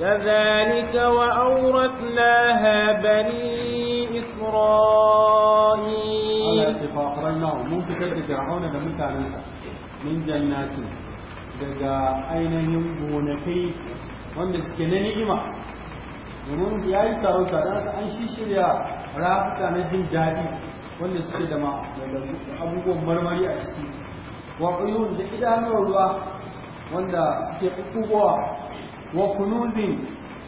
كذلك وأورثناها بني إسرائيل فأخرجناه من فتاة فرعون بمتع نسا من جنات daga ainihin gonakai wanda suke na ni'ima domin ya yi sarauta don an shi shirya na jin daɗi wanda suke da abubuwan marmari a ciki wa da idanuwar ruwa wanda suke kukuwa wa kunuzin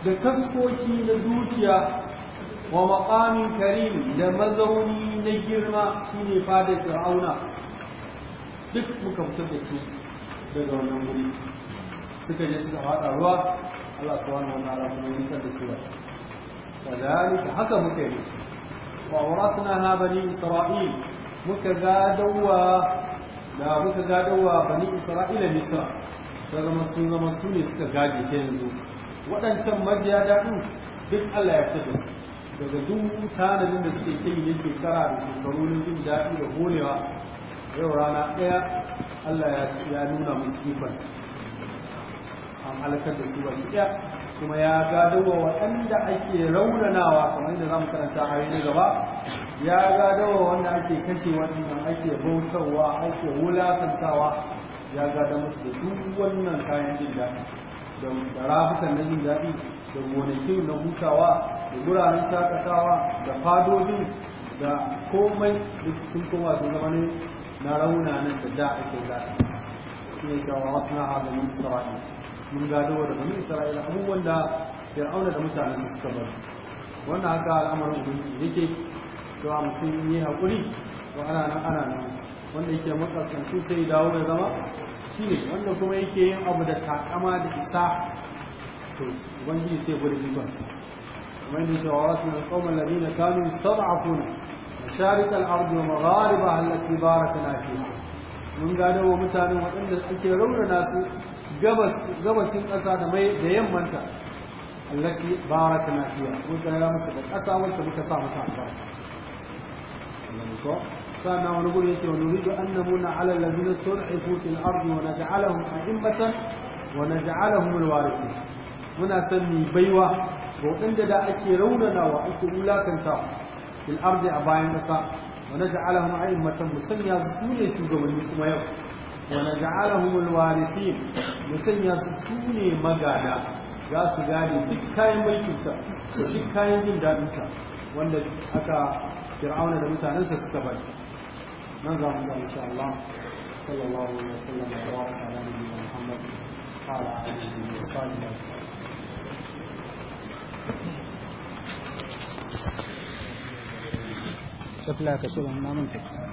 da taskoki na dukiya wa maƙamin karim da mazauni na girma shine fadar fir'auna duk muka fitar da su daga wannan wuri suka je suka fada ruwa Allah subhanahu wa ta'ala kuma ya da su kadhalika haka muka yi wa na bani isra'il muka gadawa da muka gadawa bani isra'ila misra zama sun zama su ne suka gaji ta yanzu waɗancan majiya daɗin duk Allah ya fito daga duk tanadin da suke kai ne shekara da shekaru na jin daɗi da horewa yau rana ɗaya Allah ya nuna musu kifas an halakar da su wani ɗaya kuma ya gado wa waɗanda ake raunanawa kamar yadda za mu karanta a na gaba ya gado wa wanda ake kashe waɗannan ake bautarwa ake wulakantawa ya gada musu da duk wannan kayan jin daɗi da rafukan na jin daɗi da gonakin na hutawa da wuraren shakatawa da fadojin, da komai duk sun koma sun zama ne na rauna nan da da ake zaɓi shi ne shawa wasu na haɗa min isra'ila mun gado da bani isra'ila abubuwan da fir'auna da mutanen su suka bari wannan haka al'amarin ubangiji yake cewa mutum yi haƙuri to ana nan ana nan wanda yake makasantu sai dawo ya zama shi ne wanda kuma yake yin abu da takama da isa to ubangiji sai gudu ribarsa kuma yadda cewa wasu na ne ladina kanu sad'afuna masharik al-ardi wa magharibaha allati barakna fiha mun gado wa mutane waɗanda ake raunana su gabasin ƙasa da mai da yammanta allati barakna fiha mun gaya musu da ƙasa wacce muka sa muka albarka سألنا ونقول يتي ونريد أن نمن على الذين استضعفوا في الأرض ونجعلهم أئمة ونجعلهم الوارثين muna son mu baiwa ga waɗanda da ake raunanawa ake wulakanta fil ardi a bayan ƙasa wa naj'alahum a'immatan mu sanya su sune shugabanni kuma yau wa naj'alahum alwarithin mu sanya su sune magada za su gane duk kayan mulkinsa duk kayan jin daɗinsa wanda aka fir'auna da mutanensa suka bari ذلك إن شاء الله صلى الله عليه وسلم وبارك على نبينا محمد وعلى آله وصحبه شكلها كسوء ما منتج